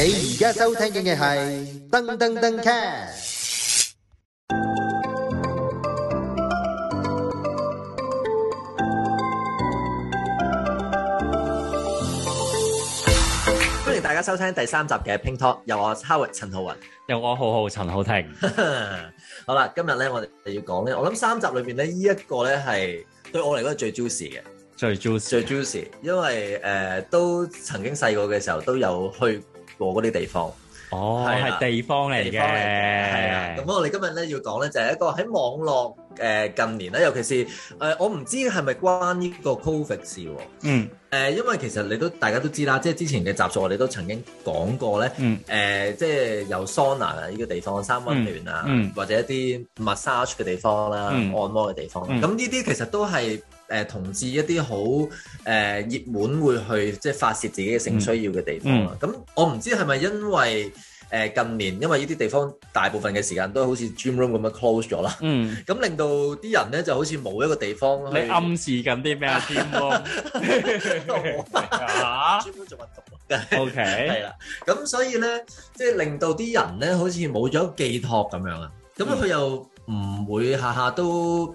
你而家收聽嘅係噔噔噔 cast 歡迎大家收聽第三集嘅拼拖，由我哈維陳浩云，由我浩浩陳浩婷。 好啦，今日咧我哋就要講咧，我諗三集裏邊咧呢一、這個咧係對我嚟講係最 juicy 嘅，最 juicy 汁最 juicy，汁因為誒、呃、都曾經細個嘅時候都有去。過嗰啲地方，哦，係、啊、地方嚟嘅，係啊。咁我哋今日咧要講咧，就係、是、一個喺網絡誒、呃、近年咧，尤其是誒、呃、我唔知係咪關呢個 Covid 事嗯。誒、呃，因為其實你都大家都知啦，即係之前嘅集數，我哋都曾經講過咧、嗯呃嗯。嗯。誒，即係有 sauna 啊，呢個地方三溫暖啊，或者一啲 massage 嘅地方啦，按摩嘅地方。咁呢啲其實都係。誒同志一啲好誒熱門會去即係發泄自己嘅性需要嘅地方啊！咁、嗯、我唔知係咪因為誒近年因為呢啲地方大部分嘅時間都好似 gym room 咁樣 close 咗啦、嗯，咁令到啲人咧就好似冇一個地方。你暗示緊啲咩啊？gym room 做運動啊？OK，係啦 ，咁所以咧即係令到啲人咧好似冇咗寄託咁樣啊！咁佢又唔會下下都。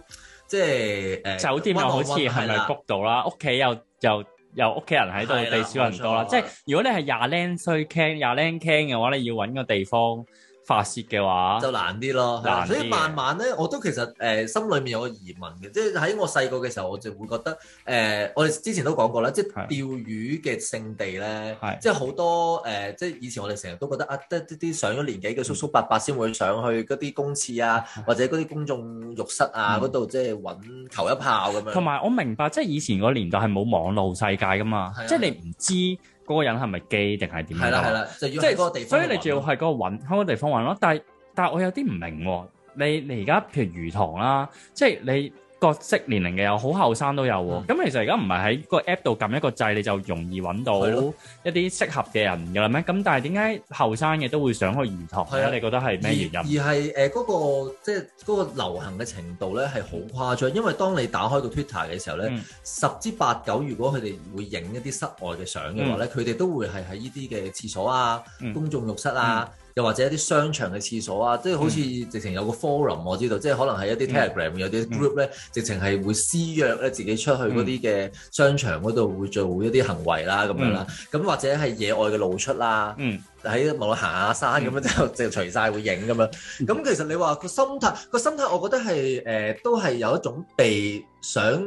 即係，呃、酒店又好似係咪谷到啦？屋企又又又屋企人喺度，了地少人多啦。即係如果你係廿零歲傾，廿零傾嘅話，你要搵個地方。發洩嘅話就難啲咯，所以慢慢咧，我都其實誒心裏面有個疑問嘅，即係喺我細個嘅時候，我就會覺得誒，我哋之前都講過啦，即係釣魚嘅聖地咧，即係好多誒，即係以前我哋成日都覺得啊，得啲上咗年紀嘅叔叔伯伯先會上去嗰啲公廁啊，或者嗰啲公眾浴室啊嗰度，即係揾求一炮咁樣。同埋我明白，即係以前個年代係冇網路世界噶嘛，即係你唔知。個人係咪機定係點樣？係啦係啦，就要即係嗰個地方，所以你仲要係嗰個揾開個地方揾咯。但係，但係我有啲唔明喎、哦，你你而家譬如魚塘啦、啊，即係你。各式年齡嘅有，好後生都有喎。咁其實而家唔係喺個 app 度撳一個掣你就容易揾到一啲適合嘅人㗎啦咩？咁的但係點解後生嘅都會想去魚塘？係的你覺得係咩原因？而而係誒嗰個即係嗰、嗰個流行嘅程度咧係好誇張，因為當你打開個 Twitter 嘅時候咧，嗯、十之八九如果佢哋唔會影一啲室外嘅相嘅話咧，佢哋、嗯、都會係喺依啲嘅廁所啊、公眾浴室啊。嗯嗯又或者一啲商場嘅廁所啊，即係好似直情有個 forum 我知道，即係可能係一啲 telegram 有啲 group 咧，直情係會私約咧自己出去嗰啲嘅商場嗰度會做一啲行為啦、啊、咁樣啦、啊，咁或者係野外嘅露出啦、啊，喺無論行下山咁樣就直除晒會影咁樣。咁其實你話個心態，個心態我覺得係誒、呃、都係有一種被想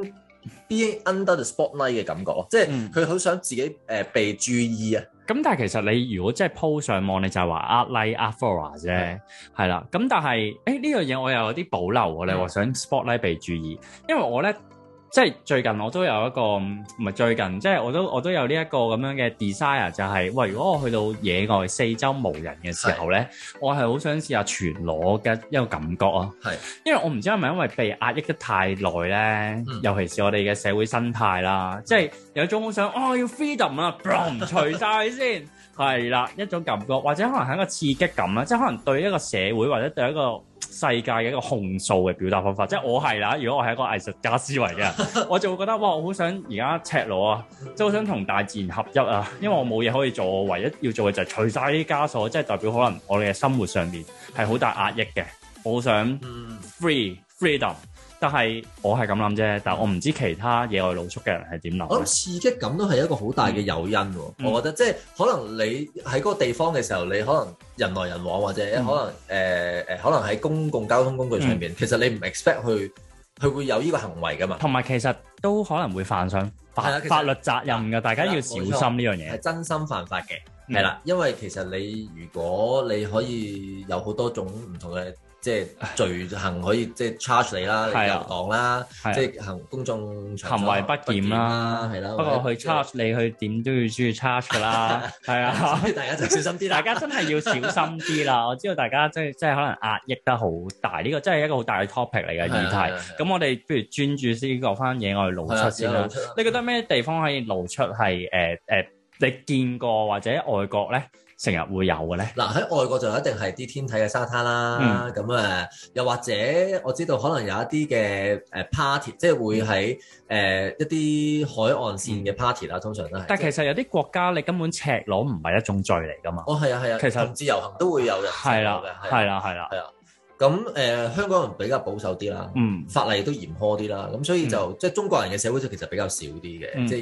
being under the spotlight 嘅感覺，即係佢好想自己誒、呃、被注意啊。咁但係其實你如果真係鋪上網，你就係話厄 like a follower 啫，係啦的。咁但係，誒呢樣嘢我又有啲保留㗎，你我想 spotlight 被注意，因為我咧。即係最近我都有一個，唔係最近，即係我都我都有呢一個咁樣嘅 desire，就係、是、喂，如果我去到野外四周無人嘅時候咧，是我係好想試下全裸嘅一個感覺啊。係是，因為我唔知係咪因為被壓抑得太耐咧，嗯、尤其是我哋嘅社會生態啦，即係有一種好想啊、哦、要 freedom 啊，boom 除曬先，係啦， 一種感覺，或者可能係一個刺激感啦，即係可能對一個社會或者對一個。世界嘅一個控訴嘅表達方法，即係我係啦。如果我係一個藝術家思維嘅人，我就會覺得哇，我好想而家赤裸啊，即係好想同大自然合一啊。因為我冇嘢可以做，我唯一要做嘅就係除晒啲枷鎖，即係代表可能我哋嘅生活上面係好大壓抑嘅。我好想 free，freedom。就係我係咁諗啫，但我唔知其他野外露宿嘅人係點諗。我諗刺激感都係一個好大嘅誘因喎。嗯嗯、我覺得即係可能你喺嗰個地方嘅時候，你可能人來人往或者可能誒誒、嗯呃，可能喺公共交通工具上面，嗯、其實你唔 expect 去佢會有呢個行為噶嘛。同埋其實都可能會犯上法法律責任噶，的大家要小心呢樣嘢。係真心犯法嘅，係啦、嗯，因為其實你如果你可以有好多種唔同嘅。即係罪行可以即係 charge 你啦，入黨啦，即係行公眾行為不檢啦，係啦。不過去 charge 你，佢點都要注意 charge 㗎啦。係啊，大家就小心啲，大家真係要小心啲啦。我知道大家即係即係可能壓抑得好大，呢個真係一個好大嘅 topic 嚟嘅議題。咁我哋不如專注先講返野外露出先。你覺得咩地方可以露出係誒誒你見過或者外國咧？成日會有嘅咧，嗱喺、啊、外國就一定係啲天體嘅沙灘啦，咁啊、嗯、又或者我知道可能有一啲嘅誒 party，即係會喺誒、嗯呃、一啲海岸線嘅 party 啦，通常都係。但係其實有啲國家你根本赤裸唔係一種罪嚟㗎嘛。哦，係啊係啊，啊啊其實自由行都會有嘅。係啦係啦係啦。係啊。咁誒、呃，香港人比較保守啲啦，嗯、法例都嚴苛啲啦，咁所以就即係、嗯、中國人嘅社會就其實比較少啲嘅，即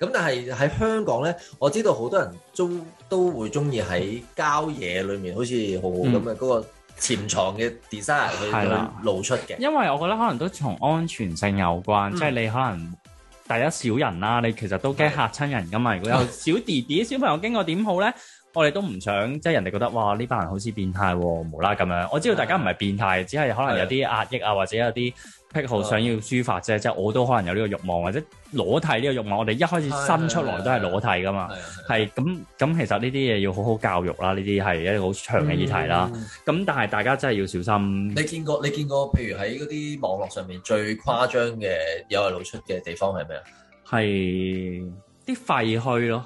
係咁。但係喺香港咧，我知道好多人都都會鍾意喺郊野裏面，好似好咁嘅嗰個潛藏嘅 design 去露出嘅、嗯。因為我覺得可能都從安全性有關，即係、嗯、你可能第一少人啦、啊，你其實都驚嚇親人㗎嘛。嗯、如果有小弟弟、小朋友經過點好咧？我哋都唔想即係、就是、人哋覺得哇呢班人好似變態喎、哦、無啦咁樣。我知道大家唔係變態，啊、只係可能有啲壓抑啊，或者有啲癖好想要抒發啫。即係、啊、我都可能有呢個欲望或者裸體呢個欲望。我哋一開始生出來都係裸體噶嘛。係咁咁，啊啊、其實呢啲嘢要好好教育啦。呢啲係一個好長嘅議題啦。咁、嗯、但係大家真係要小心。你見過你見過譬如喺嗰啲網絡上面最誇張嘅有人露出嘅地方係咩啊？係啲廢墟咯。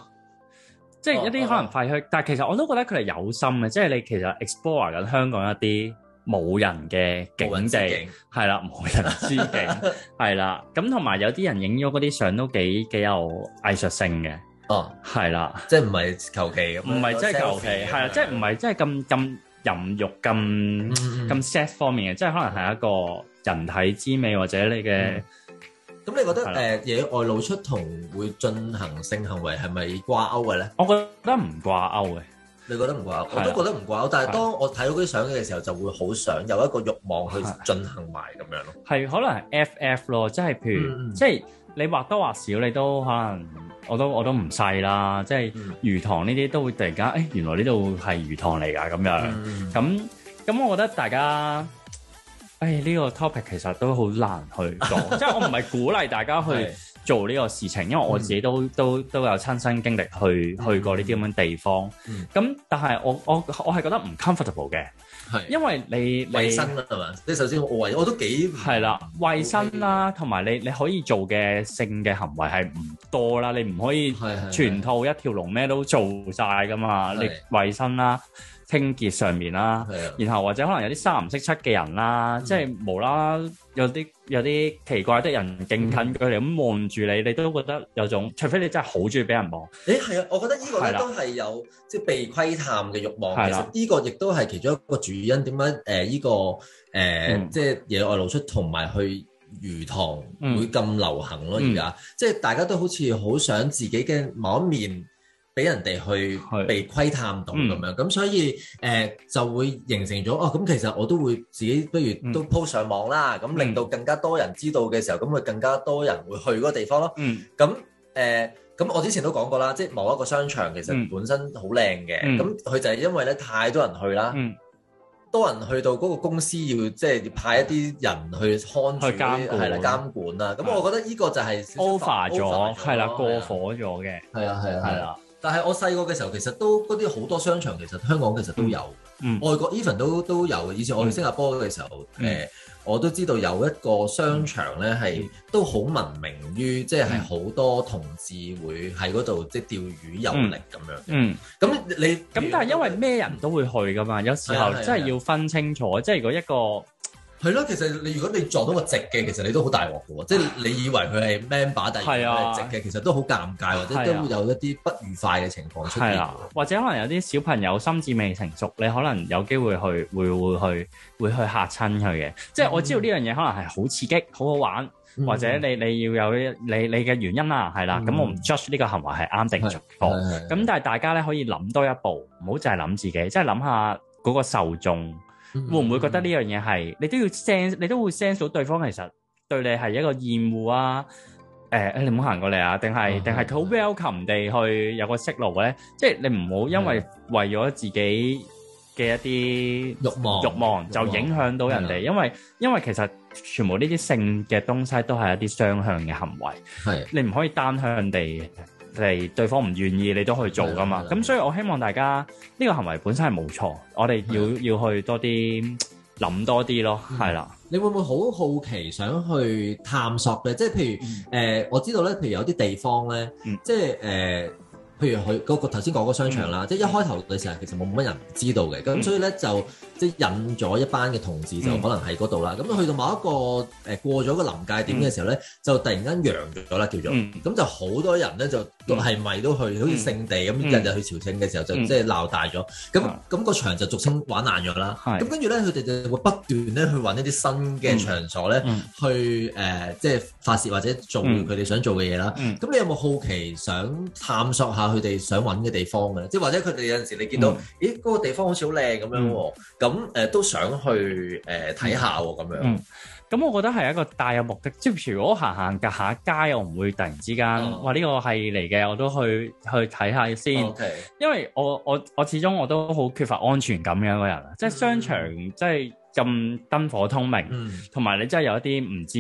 即係一啲可能廢墟，但係其實我都覺得佢係有心嘅，即係你其實 explore 緊香港一啲冇人嘅景地，係啦，冇人之境係啦。咁同埋有啲人影咗嗰啲相都幾幾有藝術性嘅。哦，係啦，即係唔係求其，唔係即係求其，係啦，即係唔係即係咁咁淫慾咁咁 sex 方面嘅，即係可能係一個人體之美或者你嘅。咁你覺得誒野外露出同會進行性行為係咪掛鈎嘅咧？我覺得唔掛鈎嘅，你覺得唔掛鈎？我都覺得唔掛鈎。但係當我睇到啲相嘅時候，就會好想有一個慾望去進行埋咁樣咯。係可能 FF 咯，即係譬如，即係你或多或少你都可能，我都我都唔細啦。即係魚塘呢啲都會突然間，誒原來呢度係魚塘嚟㗎咁樣。咁咁，我覺得大家。誒呢個 topic 其實都好難去講，即係我唔係鼓勵大家去做呢個事情，因為我自己都都都有親身經歷去去過呢啲咁嘅地方。咁但係我我我係覺得唔 comfortable 嘅，係因為你衞生啦係嘛？你首先我衞我都幾係啦，衞生啦，同埋你你可以做嘅性嘅行為係唔多啦，你唔可以全套一條龍咩都做晒噶嘛，你衞生啦。清潔上面啦，係啊，然後或者可能有啲三唔識七嘅人啦，即係無啦啦有啲有啲奇怪的人勁近佢哋咁望住你，你都覺得有種，除非你真係好中意俾人望。誒係啊，我覺得呢個呢都係有即係被窺探嘅欲望。係啦，呢個亦都係其中一個主因點解誒呢個誒即係野外露出同埋去魚塘會咁流行咯而家，即係大家都好似好想自己嘅某一面。俾人哋去被窺探到咁樣，咁所以誒就會形成咗哦。咁其實我都會自己不如都鋪上網啦，咁令到更加多人知道嘅時候，咁會更加多人會去嗰個地方咯。咁誒咁我之前都講過啦，即係某一個商場其實本身好靚嘅，咁佢就係因為咧太多人去啦，多人去到嗰個公司要即係派一啲人去看住監係啦監管啦。咁我覺得呢個就係 over 咗，係啦過火咗嘅。係啊係啊係啊！但係我細個嘅時候，其實都嗰啲好多商場，其實香港其實都有，嗯、外國 even 都都有。以前我去新加坡嘅時候，誒、嗯呃、我都知道有一個商場咧係、嗯、都好聞名於，即係係好多同志會喺嗰度即係釣魚遊歷咁樣。嗯，咁你咁但係因為咩人都會去㗎嘛，嗯、有時候真係要分清楚。即係、嗯嗯、如果一個係咯，其實你如果你撞到個直嘅，其實你都好大鑊嘅喎，即係你以為佢係 man 把，但係佢係直嘅，其實都好尷尬，或者都會有一啲不愉快嘅情況出現。或者可能有啲小朋友心智未成熟，你可能有機會去會會去會去嚇親佢嘅。即係我知道呢樣嘢可能係好刺激，好好玩，或者你你要有你你嘅原因啦，係啦。咁我唔 judge 呢個行為係啱定錯。咁但係大家咧可以諗多一步，唔好淨係諗自己，即係諗下嗰個受眾。會唔會覺得呢樣嘢係你都要 sense，你都會 sense 到對方其實對你係一個厭惡啊？誒誒，你唔好行過嚟啊！定係定係佢好 welcome 地去有個 signal 咧，即係你唔好因為為咗自己嘅一啲欲望欲望就影響到人哋，因為因為其實全部呢啲性嘅東西都係一啲雙向嘅行為，係你唔可以單向地。嚟對方唔願意，你都去做噶嘛。咁所以我希望大家呢、呢個行為本身係冇錯，我哋要的要去多啲諗多啲咯。係啦、嗯，的你會唔會好好奇想去探索嘅？即係譬如誒、嗯呃，我知道咧，譬如有啲地方咧，嗯、即係誒。呃譬如佢個頭先講個商場啦，即係一開頭嘅時候，其實冇乜人知道嘅，咁所以咧就即係引咗一班嘅同事就可能喺嗰度啦。咁去到某一個誒過咗個臨界點嘅時候咧，就突然間揚咗啦叫做，咁就好多人咧就係咪都去，好似聖地咁日日去朝聖嘅時候就即係鬧大咗。咁咁個場就俗稱玩爛咗啦。咁跟住咧佢哋就會不斷咧去揾一啲新嘅場所咧去誒即係發洩或者做佢哋想做嘅嘢啦。咁你有冇好奇想探索下？佢哋想揾嘅地方嘅，即係或者佢哋有陣時你見到，嗯、咦嗰、那個地方好似好靚咁樣喎，咁誒、嗯呃、都想去誒睇、呃、下喎咁、嗯、樣。咁、嗯、我覺得係一個大有目的，即係譬如果行行隔下街，我唔會突然之間話呢、哦、個係嚟嘅，我都去去睇下先。哦 okay。因為我我我始終我都好缺乏安全感嘅一個人，即係商場、嗯、即係。咁燈火通明，同埋你真係有一啲唔知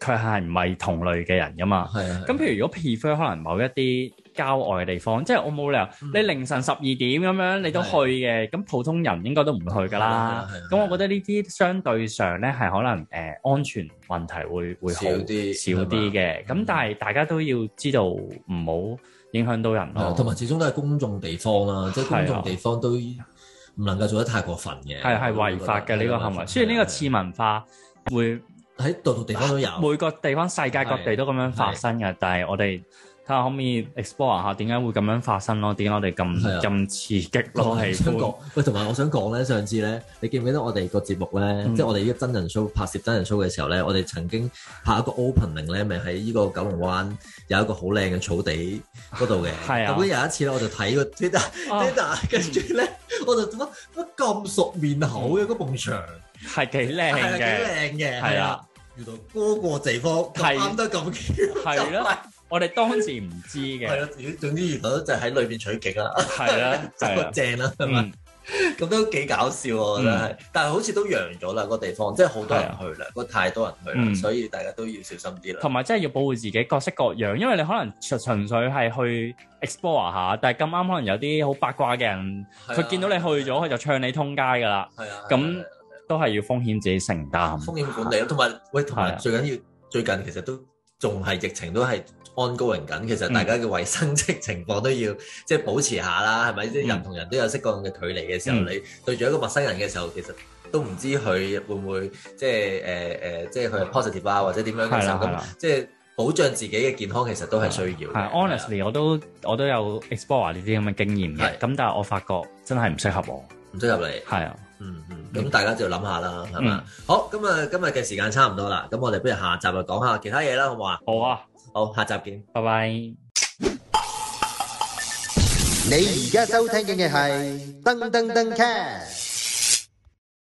佢係唔係同類嘅人㗎嘛？咁譬如如果 prefer 可能某一啲郊外嘅地方，即係我冇理由你凌晨十二點咁樣你都去嘅，咁普通人應該都唔會去㗎啦。咁我覺得呢啲相對上呢係可能誒安全問題會會少啲少啲嘅。咁但係大家都要知道唔好影響到人咯。同埋始終都係公眾地方啦，即係公眾地方都，唔能夠做得太過分嘅，係係違法嘅呢個行為。雖然呢個次文化會喺度度地方都有，每個地方世界各地都咁樣發生嘅。但係我哋睇下可唔可以 explore 下點解會咁樣發生咯？點解我哋咁咁刺激咯？係。喂，同埋我想講咧，上次咧，你記唔記得我哋個節目咧，即係我哋呢個真人 show 拍攝真人 show 嘅時候咧，我哋曾經拍一個 opening 咧，咪喺呢個九龍灣有一個好靚嘅草地嗰度嘅。係啊。後邊有一次咧，我就睇個 data 跟住咧。我就覺得咁熟面口嘅嗰埲牆，係幾靚嘅，係啊，遇到嗰個地方咁啱得咁巧，係啦。我哋當時唔知嘅，係啦。總之遇到就喺裏邊取景啦，係啦，就咁正啦，係咪？咁 都幾搞笑，我覺得係，但係好似都揚咗啦個地方，即係好多人去啦，個、啊、太多人去啦，嗯、所以大家都要小心啲啦。同埋真係要保護自己，各式各樣，因為你可能純純粹係去 explore 下，但係咁啱可能有啲好八卦嘅人，佢、啊、見到你去咗，佢就唱你通街噶啦。係啊，咁都係要風險自己承擔，風險管理。同埋、啊、喂，同埋最緊要，最近其實都。仲係疫情都係 ongoing 緊，其實大家嘅衞生即情況都要、嗯、即係保持下啦，係咪？即係人同人都有適當嘅距離嘅時候，嗯、你對住一個陌生人嘅時候，其實都唔知佢會唔會即係誒誒，即係佢係 positive 啊，或者點樣嘅時候，咁即係保障自己嘅健康其實都係需要。係的，honestly 的我都我都有 explore 呢啲咁嘅經驗，係咁的，的但係我發覺真係唔適合我，唔適合你，係啊。嗯嗯，咁、嗯嗯、大家就諗下啦，係嘛，嗯？好，咁啊，今日嘅時間差唔多啦，咁我哋不如下集就講下其他嘢啦，好唔好，好啊？好啊，好，下集見，拜拜 bye。你而家收聽嘅係噔噔噔 c a